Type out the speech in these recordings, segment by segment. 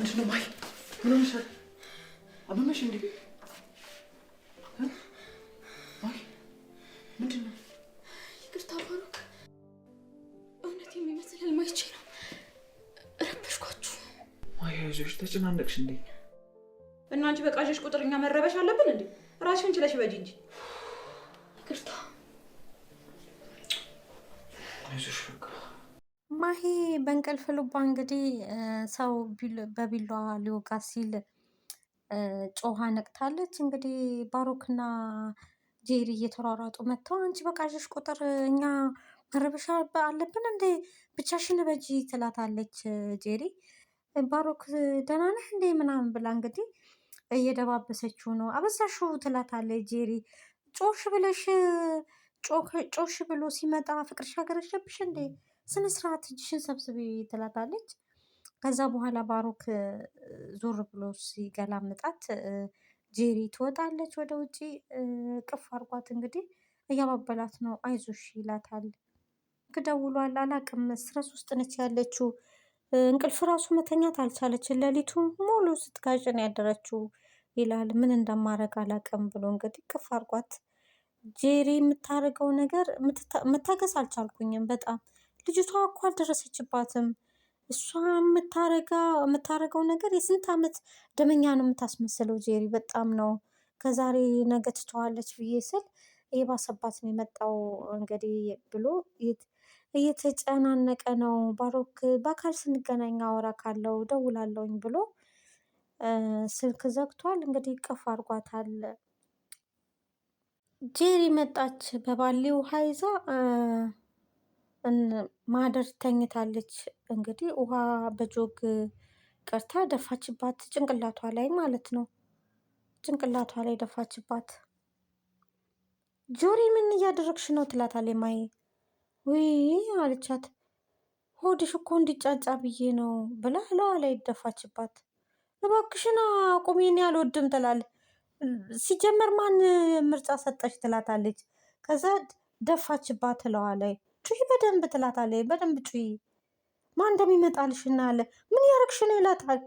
ምንድን ነው ማይ? ምን ሆነሻል? አመመሽ እንዴ? ማይ ምንድን ነው? ይቅርታ ባሮክ፣ እውነት የሚመስል ህልም አይቼ ነው ረበሽኳችሁ። ማይ አይዞሽ፣ ተጨናነቅሽ እንዴ? እና አንቺ በቃዠሽ ቁጥር እኛ መረበሽ አለብን እንዴ? ራስሽን ችለሽ በጅ እንጂ ማሂ በእንቅልፍ ልቧ እንግዲህ ሰው በቢሏ ሊወጋ ሲል ጮሃ ነቅታለች። እንግዲህ ባሮክና ጄሪ እየተሯሯጡ መጥተው አንቺ በቃዥሽ ቁጥር እኛ መረበሻ አለብን እንዴ ብቻሽን በጂ ትላታለች ጄሪ። ባሮክ ደህና ነህ እንዴ ምናምን ብላ እንግዲህ እየደባበሰችው ነው። አበዛሽው ትላታለች ጄሪ። ጮሽ ብለሽ ጮሽ ብሎ ሲመጣ ፍቅርሽ ሀገር እንዴ ስነስርዓት እጅሽን ሰብስቢ ትላታለች። ከዛ በኋላ ባሮክ ዞር ብሎ ሲገላምጣት ጄሪ ትወጣለች ወደ ውጪ። ቅፍ አርጓት እንግዲህ እያባበላት ነው። አይዞሽ ይላታል። ክደውሏል አላቅም ስረስ ውስጥ ነች ያለችው። እንቅልፍ ራሱ መተኛት አልቻለች። ሌሊቱ ሙሉ ነው ያደረችው ይላል። ምን እንደማረግ አላቅም ብሎ እንግዲህ ቅፍ አርጓት። ጄሪ የምታደርገው ነገር መታገስ አልቻልኩኝም በጣም ልጅቷ እኮ አልደረሰችባትም። እሷ የምታረገው ነገር የስንት ዓመት ደመኛ ነው የምታስመስለው። ጄሪ በጣም ነው ከዛሬ ነገ ትተዋለች ብዬ ስል የባሰባት ነው የመጣው እንግዲህ ብሎ እየተጨናነቀ ነው። ባሮክ በአካል ስንገናኝ አወራ ካለው ደውላለውኝ ብሎ ስልክ ዘግቷል። እንግዲህ ቅፍ አርጓታል። ጄሪ መጣች በባሌ ውሃ ማደር ተኝታለች። እንግዲህ ውሃ በጆግ ቀርታ ደፋችባት ጭንቅላቷ ላይ ማለት ነው። ጭንቅላቷ ላይ ደፋችባት። ጆሪ ምን እያደረግሽ ነው ትላታለች ማዬ። ውይ አለቻት። ሆድሽ እኮ እንዲጫጫ ብዬ ነው ብላ ለዋ ላይ ደፋችባት። እባክሽን አቁሜን አልወድም ትላል። ሲጀመር ማን ምርጫ ሰጠሽ ትላታለች። ከዛ ደፋችባት ለዋ ላይ ጩሂ በደንብ ትላታለች። በደንብ ጩሂ ማን እንደሚመጣልሽ እናያለ። ምን ያረግሽ ነው ይላታል።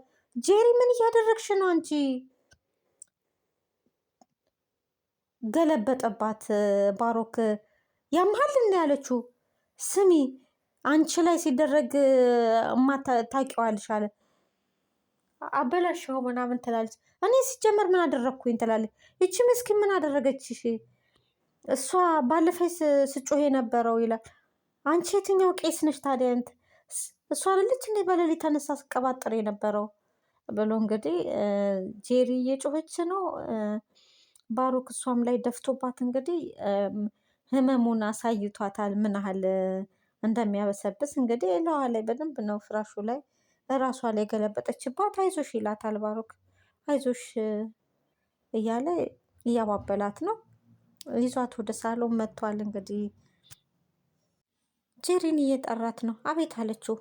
ጄሪ ምን እያደረግሽ ነው አንቺ? ገለበጠባት ባሮክ። ያምሃል እና ያለችው ስሚ አንቺ ላይ ሲደረግ ታውቂዋለሽ አለ አበላሽው ምናምን ትላለች። እኔ ሲጀመር ምን አደረግኩኝ ትላለች። ይቺ ምስኪን ምን አደረገችሽ? እሷ ባለፈ ስጮሄ ነበረው ይላል። አንቺ የትኛው ቄስ ነሽ ታዲያ? እሷ አይደለች እንዴ በሌሊት ተነሳ ስቀባጠር የነበረው ብሎ እንግዲህ ጄሪ እየጮኸች ነው። ባሩክ እሷም ላይ ደፍቶባት እንግዲህ ህመሙን አሳይቷታል። ምን ያህል እንደሚያበሰብስ እንግዲህ እላዋ ላይ በደንብ ነው ፍራሹ ላይ እራሷ ላይ የገለበጠችባት። አይዞሽ ይላታል ባሩክ። አይዞሽ እያለ እያባበላት ነው። ይዟት ወደ ሳሎን መጥቷል እንግዲህ ጄሪን እየጠራት ነው። አቤት አለችው።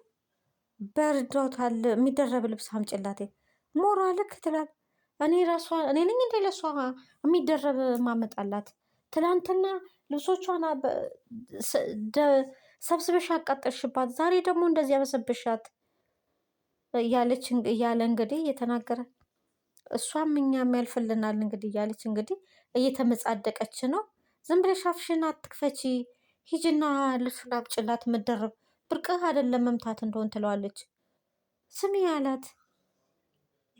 በርዶታል። የሚደረብ ልብስ አምጭላቴ ሞራ ልክ ትላል። እኔ ራሷ እኔ ነኝ እንዴ ለሷ የሚደረብ ማመጣላት። ትናንትና ልብሶቿን ሰብስበሽ አቃጠልሽባት፣ ዛሬ ደግሞ እንደዚህ ያበሰብሻት እያለች እያለ እንግዲህ እየተናገረ እሷም እኛም ያልፍልናል እንግዲህ እያለች እንግዲህ እየተመጻደቀች ነው። ዝም ብለሽ አፍሽን አትክፈቺ ሂጅና ልብሱን አብጭላት ምደርብ ብርቅህ አይደለም መምታት እንደሆን ትለዋለች። ስሚ ያላት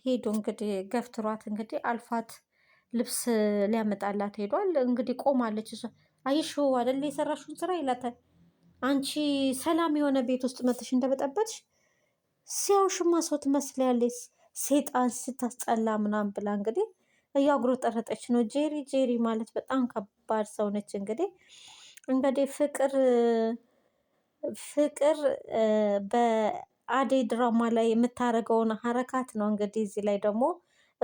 ሄዶ እንግዲህ ገፍትሯት እንግዲህ አልፋት ልብስ ሊያመጣላት ሄዷል። እንግዲህ ቆማለች። እሷ አይሽው አይደል የሰራሽውን ስራ ይላታል። አንቺ ሰላም የሆነ ቤት ውስጥ መጥሽ እንደበጠበትሽ ሲያውሽማ ሰው ትመስላለች፣ ሴጣን ስታስጠላ ምናምን ብላ እንግዲህ እያጉረጠረጠች ነው። ጄሪ ጄሪ ማለት በጣም ከባድ ሰው ነች እንግዲህ እንግዲህ ፍቅር ፍቅር በአደይ ድራማ ላይ የምታደርገውን ሀረካት ነው። እንግዲህ እዚህ ላይ ደግሞ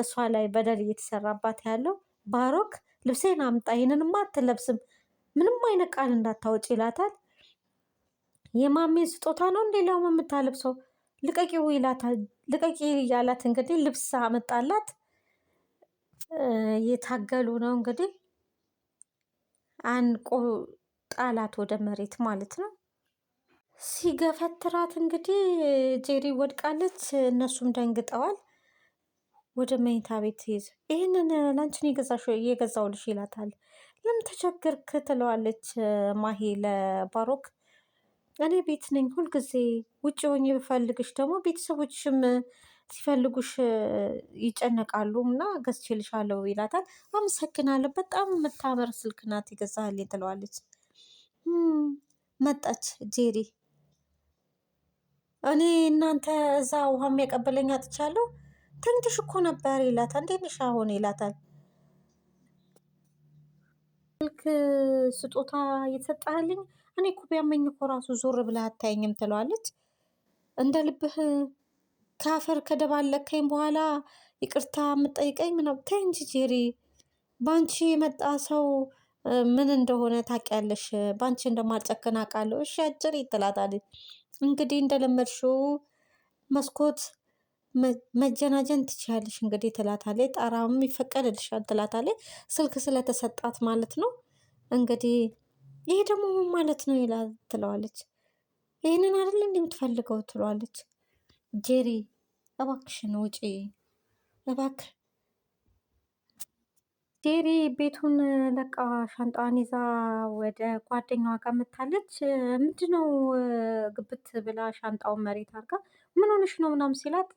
እሷ ላይ በደል እየተሰራባት ያለው ባሮክ ልብሴን አምጣ፣ ይህንንማ አትለብስም፣ ምንም አይነት ቃል እንዳታወጭ ይላታል። የማሜን ስጦታ ነው እንዴ ለውም የምታለብሰው ልቀቂው ይላታል። ልቀቂ እያላት እንግዲህ ልብስ አመጣላት። እየታገሉ ነው እንግዲህ አንቆ ጣላት ወደ መሬት ማለት ነው። ሲገፈትራት እንግዲህ ጄሪ ወድቃለች። እነሱም ደንግጠዋል። ወደ መኝታ ቤት ይዝ ይህንን ላንችን የገዛውልሽ ይላታል። ለምን ተቸገርክ ትለዋለች ማሂ ለባሮክ። እኔ ቤት ነኝ ሁልጊዜ ውጭ ሆኜ ብፈልግሽ ደግሞ ቤተሰቦችም ሲፈልጉሽ ይጨነቃሉ እና ገዝቼልሻለሁ ይላታል። አመሰግናለሁ በጣም የምታምር ስልክ ናት የገዛህልኝ ትለዋለች። መጣች ጄሪ። እኔ እናንተ እዛ ውሃም የቀበለኝ አጥቻለሁ ትንሽ እኮ ነበር ይላታል። እንዴት ነሽ አሁን ይላታል። ስልክ ስጦታ የተሰጠህልኝ እኔ እኮ ቢያመኝ እኮ ራሱ ዞር ብለህ አታየኝም ትለዋለች። እንደ ልብህ ከአፈር ከደባለከኝ በኋላ ይቅርታ የምጠይቀኝ ምናምን ተይ እንጂ ጄሪ፣ በአንቺ የመጣ ሰው ምን እንደሆነ ታውቂያለሽ፣ በአንቺ እንደማልጨክን አውቃለሁ። እሺ አጭር ትላታለች። እንግዲህ እንደለመድሽው መስኮት መጀናጀን ትችያለሽ እንግዲህ ትላታለች። ጣራም ይፈቀድልሻል ትላታለች። ስልክ ስለተሰጣት ማለት ነው እንግዲህ ይሄ ደግሞ ምን ማለት ነው ይላል ትለዋለች። ይህንን አይደል እንዴ የምትፈልገው ትለዋለች። ጄሪ እባክሽን ውጪ እባክህ ዴሪ ቤቱን ለቃ ሻንጣዋን ይዛ ወደ ጓደኛዋ ጋር መታለች። ምንድነው ግብት ብላ ሻንጣውን መሬት አድርጋ ምን ሆነሽ ነው ምናምን ሲላት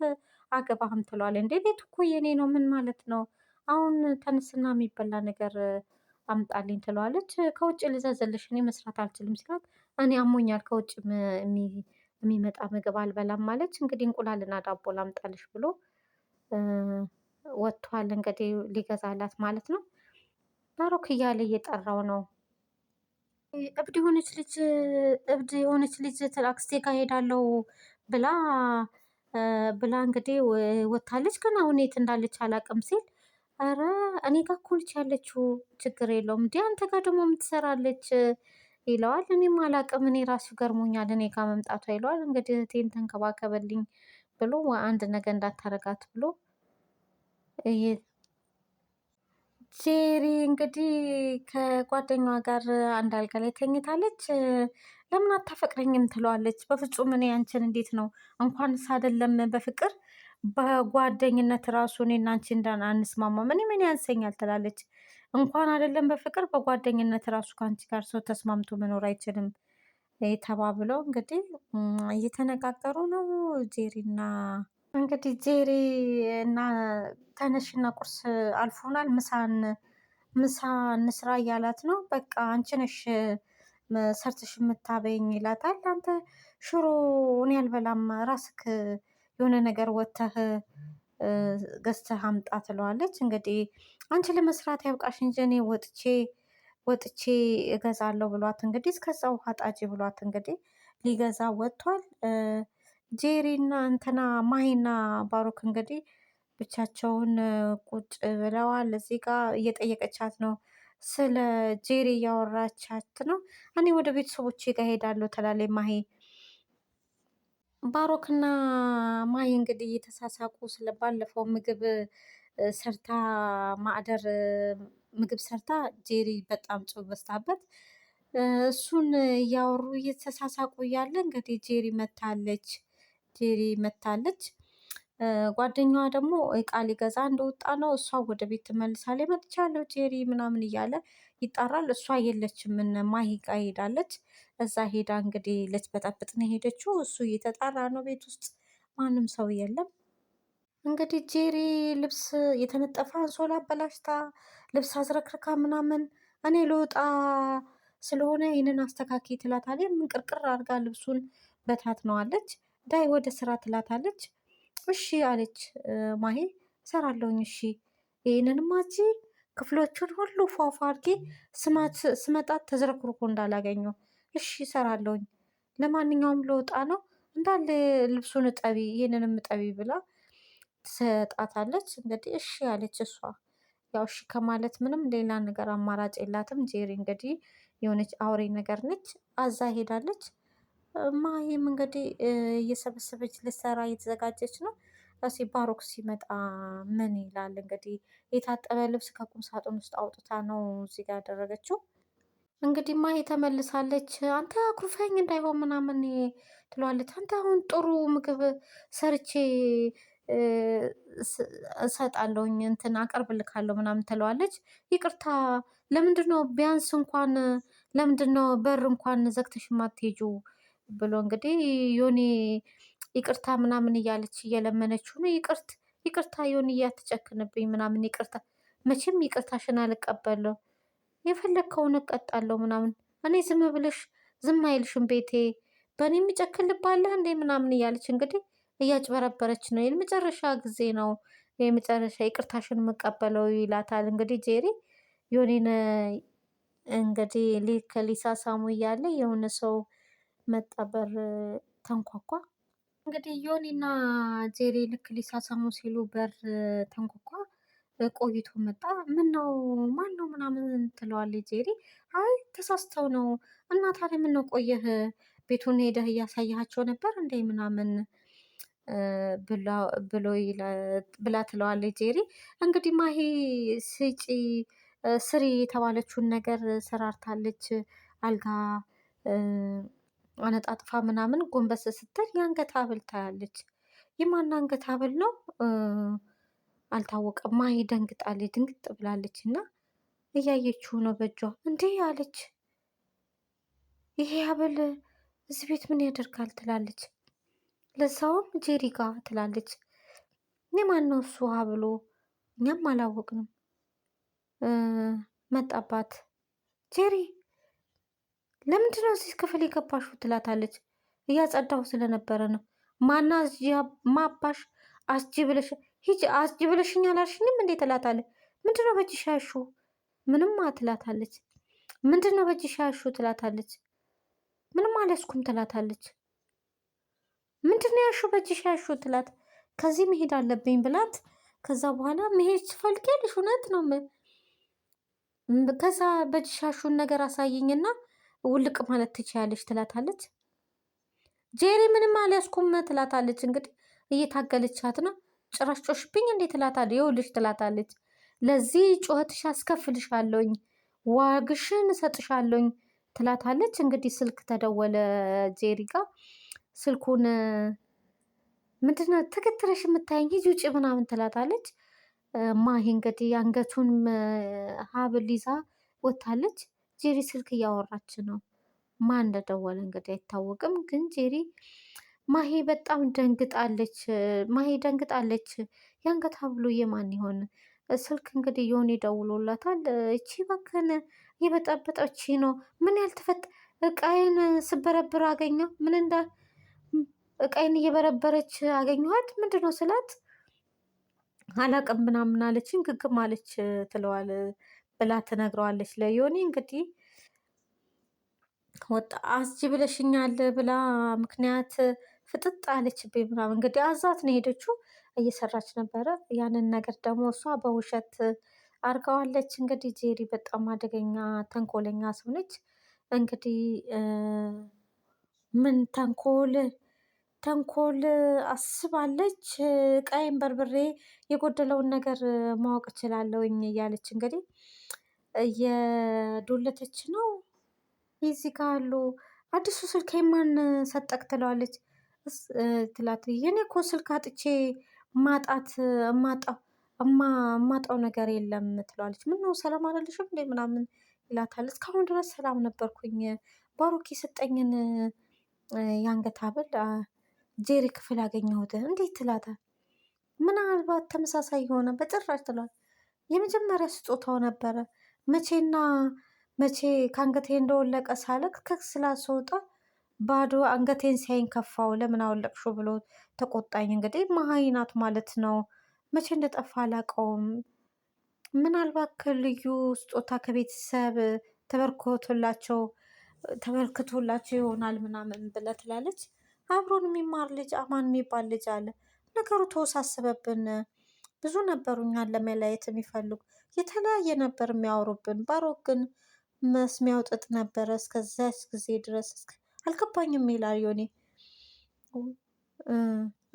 አገባህም ትሏል። እንደ ቤት እኮ የኔ ነው ምን ማለት ነው? አሁን ተነስና የሚበላ ነገር አምጣልኝ ትለዋለች። ከውጭ ልዘዘልሽ እኔ መስራት አልችልም ሲላት እኔ አሞኛል ከውጭ የሚመጣ ምግብ አልበላም ማለች። እንግዲህ እንቁላልና ዳቦ ላምጣልሽ ብሎ ወጥቷል እንግዲህ ሊገዛላት ማለት ነው። ባሮክ እያለ እየጠራው ነው። እብድ የሆነች ልጅ እብድ የሆነች ልጅ አክስቴ ጋር ሄዳለው ብላ ብላ እንግዲህ ወታለች። ግን አሁን የት እንዳለች አላቅም ሲል ኧረ እኔ ጋር እኮ ነች ያለችው ችግር የለውም እንዲህ አንተ ጋር ደግሞ የምትሰራለች ይለዋል። እኔም አላቅም እኔ ራሱ ገርሞኛል እኔ ጋር መምጣቷ ይለዋል። እንግዲህ እህቴን ተንከባከበልኝ ብሎ አንድ ነገር እንዳታረጋት ብሎ ጄሪ እንግዲህ ከጓደኛዋ ጋር አንድ አልጋ ላይ ተኝታለች። ለምን አታፈቅረኝም ትለዋለች። በፍጹም እኔ አንቺን እንዴት ነው እንኳንስ አይደለም በፍቅር በጓደኝነት ራሱ እኔና አንቺ እንዳን አንስማማ ምን ምን ያንሰኛል ትላለች። እንኳን አይደለም በፍቅር በጓደኝነት ራሱ ከአንቺ ጋር ሰው ተስማምቶ መኖር አይችልም ተባብለው እንግዲህ እየተነጋገሩ ነው ጄሪና እንግዲህ ዜሬ እና ተነሽና ቁርስ አልፎናል፣ ምሳን ምሳ እንስራ እያላት ነው። በቃ አንቺ ነሽ ሰርተሽ የምታበይኝ ይላታል። አንተ ሽሮ እኔ አልበላም ራስክ የሆነ ነገር ወተህ ገዝተህ አምጣ ትለዋለች። እንግዲህ አንቺ ለመስራት ያብቃሽ እንጂ እኔ ወጥቼ ወጥቼ እገዛለሁ ብሏት እንግዲህ እስከዛ ውሃ ጣጪ ብሏት እንግዲህ ሊገዛ ወጥቷል። ጄሪና እንትና ማሂና ባሮክ እንግዲህ ብቻቸውን ቁጭ ብለዋል። እዚህ ጋር እየጠየቀቻት ነው፣ ስለ ጄሪ እያወራቻት ነው። እኔ ወደ ቤተሰቦች ጋር ሄዳለሁ ትላለች ማሂ። ባሮክና ማሂ እንግዲህ እየተሳሳቁ ስለባለፈው ምግብ ሰርታ ማዕደር ምግብ ሰርታ ጄሪ በጣም ጭው በስታበት እሱን እያወሩ እየተሳሳቁ እያለ እንግዲህ ጄሪ መታለች። ቴሪ መታለች። ጓደኛዋ ደግሞ እቃ ሊገዛ እንደወጣ ነው። እሷ ወደ ቤት ትመልሳለች። መጥቻለሁ ቴሪ ምናምን እያለ ይጣራል። እሷ የለችም። ማሂ ጋ ሄዳለች። እዛ ሄዳ እንግዲህ ልትበጠብጥ ነው ሄደችው። እሱ እየተጣራ ነው። ቤት ውስጥ ማንም ሰው የለም። እንግዲህ ጄሪ ልብስ የተነጠፈ አንሶላ አበላሽታ ልብስ አዝረክርካ ምናምን እኔ ልውጣ ስለሆነ ይህንን አስተካኪ ትላታለች። ምንቅርቅር አድርጋ ልብሱን በታት ነዋለች። ዳይ ወደ ስራ ትላታለች። እሺ አለች ማሄ ሰራለሁኝ። እሺ ይህንንማ ክፍሎችን ክፍሎቹን ሁሉ ፏፏ አድርጌ ስመጣት ተዝረክርኮ እንዳላገኘው። እሺ ሰራለሁኝ። ለማንኛውም ለውጣ ነው እንዳለ ልብሱን ጠቢ ይህንንም ጠቢ ብላ ትሰጣታለች። እንግዲህ እሺ አለች እሷ ያው እሺ ከማለት ምንም ሌላ ነገር አማራጭ የላትም። ጄሪ እንግዲህ የሆነች አውሬ ነገር ነች። አዛ ሄዳለች። ማሂም እንግዲህ እየሰበሰበች ልሰራ እየተዘጋጀች ነው። ራሴ ባሮክ ሲመጣ ምን ይላል እንግዲህ የታጠበ ልብስ ከቁም ሳጥን ውስጥ አውጥታ ነው እዚህ ጋር ያደረገችው። እንግዲህ ማሂ ተመልሳለች። አንተ አኩርፈኝ እንዳይሆን ምናምን ትለዋለች። አንተ አሁን ጥሩ ምግብ ሰርቼ እሰጣለሁኝ እንትን አቀርብልካለሁ ምናምን ትለዋለች። ይቅርታ ለምንድነው ቢያንስ እንኳን ለምንድነው በር እንኳን ዘግተሽ የማትሄጂው ብሎ እንግዲህ ዮኒ ይቅርታ ምናምን እያለች እየለመነችው ነው። ይቅርት ይቅርታ ዮኒ እያትጨክንብኝ ምናምን ይቅርታ፣ መቼም ይቅርታሽን አልቀበለው የፈለግከውን እቀጣለሁ ምናምን እኔ ዝም ብልሽ ዝም አይልሽም ቤቴ በእኔ የሚጨክን ልባለህ እንዴ ምናምን እያለች እንግዲህ እያጭበረበረች ነው። የመጨረሻ ጊዜ ነው የመጨረሻ ይቅርታሽን የምቀበለው ይላታል። እንግዲህ ጄሪ ዮኒን እንግዲህ ከሊሳ ሳሙ እያለ የሆነ ሰው መጣ በር ተንኳኳ። እንግዲህ ዮኒና ጄሬ ልክ ሊሳሳሙ ሲሉ በር ተንኳኳ። ቆይቶ መጣ። ምን ነው ማን ነው ምናምን ትለዋለች ጄሬ። አይ ተሳስተው ነው እና ታዲያ ምን ነው ቆየህ? ቤቱን ሄደህ እያሳያቸው ነበር እንደ ምናምን ብሎ ብላ ትለዋለች ጄሪ። እንግዲህ ማሂ ስጪ ስሪ የተባለችውን ነገር ሰራርታለች አልጋ አነጣጥፋ ምናምን ጎንበስ ስትል የአንገት ሀብል ታያለች። የማን አንገት ሀብል ነው አልታወቀም። ማሂ ደንግጣለች፣ ድንግጥ ብላለች እና እያየችው ነው በእጇ እንዴ አለች። ይሄ ሀብል እዚህ ቤት ምን ያደርጋል ትላለች። ለዛውም ጄሪጋ ጋ ትላለች። እኔ ማን ነው እሱ ሀብሎ እኛም አላወቅንም መጣባት ጄሪ ለምንድን ነው እዚህ ክፍል የገባሽው? ትላታለች። እያጸዳሁ ስለነበረ ነው። ማና ማባሽ አስጂ ብለሽ ሂጂ አስጂ ብለሽኝ አላልሽኝም እንዴ? ትላታለች። ምንድን ነው በእጅሽ ያልሽው? ምንም ትላታለች። ምንድን ነው በእጅሽ ያልሽው? ትላታለች። ምንም አልያዝኩም ትላታለች። ምንድን ነው ያልሽው በእጅሽ ያልሽው? ትላት ከዚህ መሄድ አለብኝ ብላት ከዛ በኋላ መሄድ ትፈልጊያለሽ? እውነት ነው። ከዛ በእጅሽ ያልሽውን ነገር አሳይኝና ውልቅ ማለት ትችያለች ትላታለች። ጄሪ ምንም አልያዝኩም ትላታለች። እንግዲህ እየታገለቻት ነው። ጭራሽ ጮሽብኝ እንዴ ትላታለች። ይኸውልሽ ትላታለች፣ ለዚህ ጩኸትሽ አስከፍልሻለሁኝ፣ ዋግሽን እሰጥሻለሁኝ ትላታለች። እንግዲህ ስልክ ተደወለ ጄሪ ጋር ስልኩን ምንድነው ተከትለሽ የምታየኝ ሂጂ ውጭ ምናምን ትላታለች። ማሂ እንግዲህ አንገቱን ሀብል ይዛ ወታለች። ጄሪ ስልክ እያወራች ነው። ማን እንደደወለ እንግዲህ አይታወቅም። ግን ጄሪ ማሄ በጣም ደንግጣለች። ማሄ ደንግጣለች። የአንገት ሀብሉ የማን ይሆን? ስልክ እንግዲህ የሆነ ይደውሎላታል። እቺ እባክህን የበጠበጠች ነው። ምን ያልተፈት እቃይን ስበረብር አገኘ ምን እንዳ እቃይን እየበረበረች አገኘኋት። ምንድነው ስላት አላቅም ምናምን አለችኝ ግግም አለች ትለዋል ብላ ትነግረዋለች። ለዮኒ እንግዲህ ወጣ አስጂ ብለሽኛል ብላ ምክንያት ፍጥጥ አለችብኝ ምናምን እንግዲህ አዛት ነው ሄደችው። እየሰራች ነበረ። ያንን ነገር ደግሞ እሷ በውሸት አርገዋለች። እንግዲህ ጄሪ በጣም አደገኛ ተንኮለኛ ሰው ነች። እንግዲህ ምን ተንኮል ተንኮል አስባለች። ቀይም በርብሬ የጎደለውን ነገር ማወቅ እችላለሁኝ እያለች እንግዲህ እየዶለተች ነው። ይዚ ካሉ አዲሱ ስልክ የማን ሰጠቅ ትለዋለች ትላት። የኔ እኮ ስልክ አጥቼ ማጣት እማጣው ነገር የለም ትለዋለች። ምን ነው ሰላም አላለሽም እንዴ ምናምን ይላታል። እስካሁን ድረስ ሰላም ነበርኩኝ ባሮኬ የሰጠኝን የአንገት ሀብል? ጄሪ ክፍል አገኘሁት እንዴት ትላታል። ምናልባት ተመሳሳይ የሆነ በጭራሽ ትሏል። የመጀመሪያ ስጦታው ነበረ መቼና መቼ ከአንገቴ እንደወለቀ ሳለቅ ስላስወጣ ባዶ አንገቴን ሲያይን ከፋው። ለምን አወለቅሹ ብሎ ተቆጣኝ። እንግዲህ መሀይናት ናት ማለት ነው። መቼ እንደጠፋ አላውቀውም። ምናልባት ከልዩ ስጦታ ከቤተሰብ ተበርክቶላቸው ተበርክቶላቸው ይሆናል ምናምን ብላ ትላለች። አብሮን የሚማር ልጅ አማን የሚባል ልጅ አለ። ነገሩ ተወሳሰበብን። ብዙ ነበሩ እኛን ለመለያየት የሚፈልጉ የተለያየ ነበር የሚያወሩብን። ባሮክ ግን መስሚያው ጥጥ ነበረ እስከዚያች ጊዜ ድረስ አልገባኝም ይላል ዮኒ።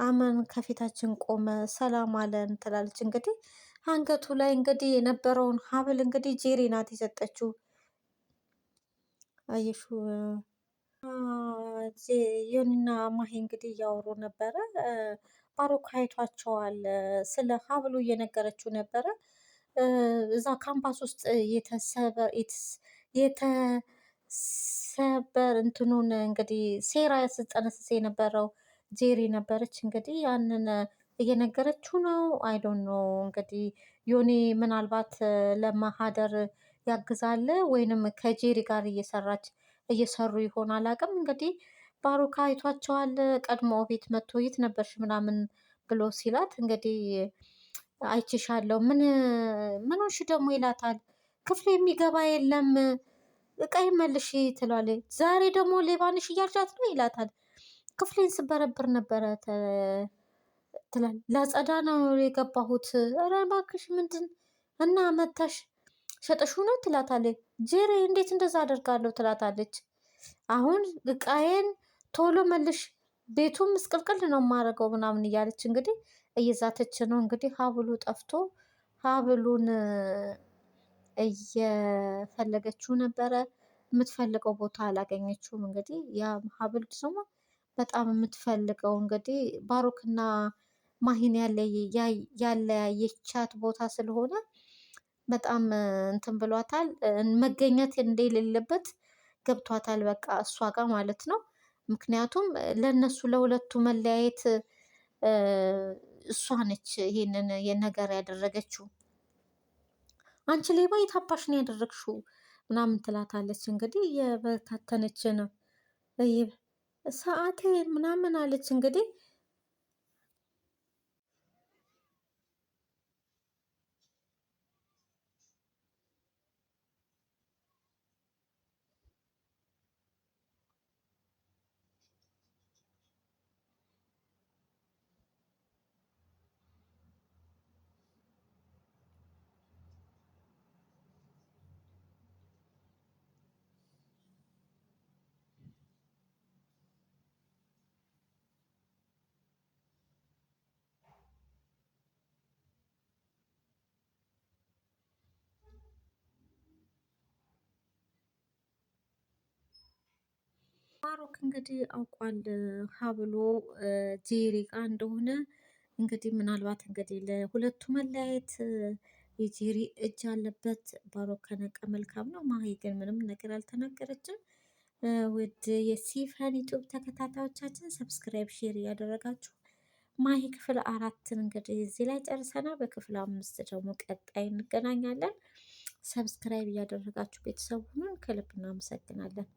አመን ከፊታችን ቆመ፣ ሰላም አለን ትላለች። እንግዲህ አንገቱ ላይ እንግዲህ የነበረውን ሀብል እንግዲህ ጄሪ ናት የሰጠችው። አየሹ ዮኒና ማሄ እንግዲህ እያወሩ ነበረ። ባሮክ አይቷቸዋል። ስለ ሀብሉ እየነገረችው ነበረ። እዛ ካምፓስ ውስጥ የተሰበር እንትኑን እንግዲህ ሴራ ስጠነስስ የነበረው ጄሪ ነበረች። እንግዲህ ያንን እየነገረችው ነው። አይዶን ነው እንግዲህ ዮኒ ምናልባት ለማህደር ያግዛል ወይንም ከጄሪ ጋር እየሰራች እየሰሩ ይሆን አላውቅም እንግዲህ ባሩካ አይቷቸዋል። ቀድሞ ቤት መጥቶ የት ነበርሽ ምናምን ብሎ ሲላት እንግዲህ አይችሻለሁ ምን ምንሽ ደግሞ ይላታል። ክፍል የሚገባ የለም እቃይ መልሽ ትሏል። ዛሬ ደግሞ ሌባንሽ እያልሻት ነው ይላታል። ክፍሌን ስበረብር ነበረ ትላል። ላጸዳ ነው የገባሁት። ኧረ እባክሽ ምንድን እና መታሽ ሸጠሹ ነው ትላታለች። ጄሬ እንዴት እንደዛ አደርጋለሁ ትላታለች። አሁን እቃዬን ቶሎ መልሽ ቤቱም ምስቅልቅል ነው የማደርገው ምናምን እያለች እንግዲህ እየዛተች ነው እንግዲህ ሀብሉ ጠፍቶ ሀብሉን እየፈለገችው ነበረ። የምትፈልገው ቦታ አላገኘችውም። እንግዲህ ያ ሀብል ደግሞ በጣም የምትፈልገው እንግዲህ ባሮክና ማሂን ያለያየቻት ቦታ ስለሆነ በጣም እንትን ብሏታል። መገኘት እንደሌለበት ገብቷታል። በቃ እሷ ጋር ማለት ነው። ምክንያቱም ለእነሱ ለሁለቱ መለያየት እሷ ነች ይሄንን የነገር ያደረገችው። አንቺ ሌባ የታባሽ ነው ያደረግሽው ምናምን ትላታለች። እንግዲህ የበታተነች ነው ሰዓቴ ምናምን አለች እንግዲህ ባሮክ እንግዲህ አውቋል ሀብሎ ጄሪ እንደሆነ እንግዲህ ምናልባት እንግዲህ ለሁለቱ መለያየት የጄሪ እጅ አለበት። ባሮክ ከነቀ መልካም ነው። ማሂ ግን ምንም ነገር አልተናገረችም። ውድ የሲፈን ዩቱብ ተከታታዮቻችን ሰብስክራይብ፣ ሼር እያደረጋችሁ ማሂ ክፍል አራትን እንግዲህ እዚህ ላይ ጨርሰናል። በክፍል አምስት ደግሞ ቀጣይ እንገናኛለን። ሰብስክራይብ እያደረጋችሁ ቤተሰቡን ከልብ እናመሰግናለን።